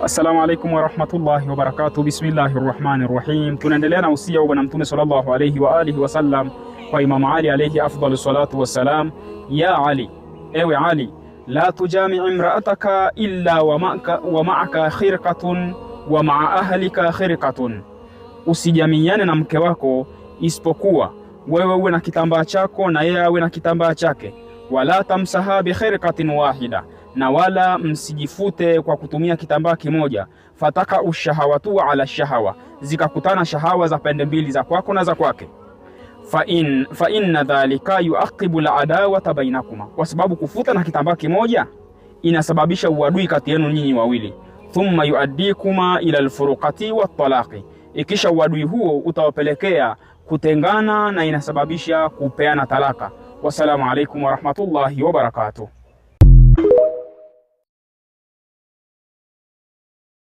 Assalamu alaikum warahmatullahi wabarakatuh. Bismillahi rahmani rahim. Tunaendelea na usia wa Bwana Mtume sallallahu alaihi wa alihi wasallam kwa Imamu Ali alaihi afdalu salatu wassalam. Ya Ali, ewe Ali, la tujami imraataka illa wa maaka khirqatun wa maa ahlika khirqatun, usijamiane na mke wako isipokuwa wewe uwe na kitambaa chako na yeye awe na kitambaa chake. Wala tamsaha khirqatin wahida na wala msijifute kwa kutumia kitambaa kimoja. Fataka ushahawatu ala shahawa, zikakutana shahawa za pande mbili, za kwako na za kwake. Fa in fa inna dhalika yuaqibu aladawata bainakuma, kwa sababu kufuta na kitambaa kimoja inasababisha uadui kati yenu nyinyi wawili. Thumma yuaddikuma ila alfuruqati watalaqi, ikisha uadui huo utawapelekea kutengana na inasababisha kupeana talaka. Wassalamu alaikum warahmatullahi wabarakatuh.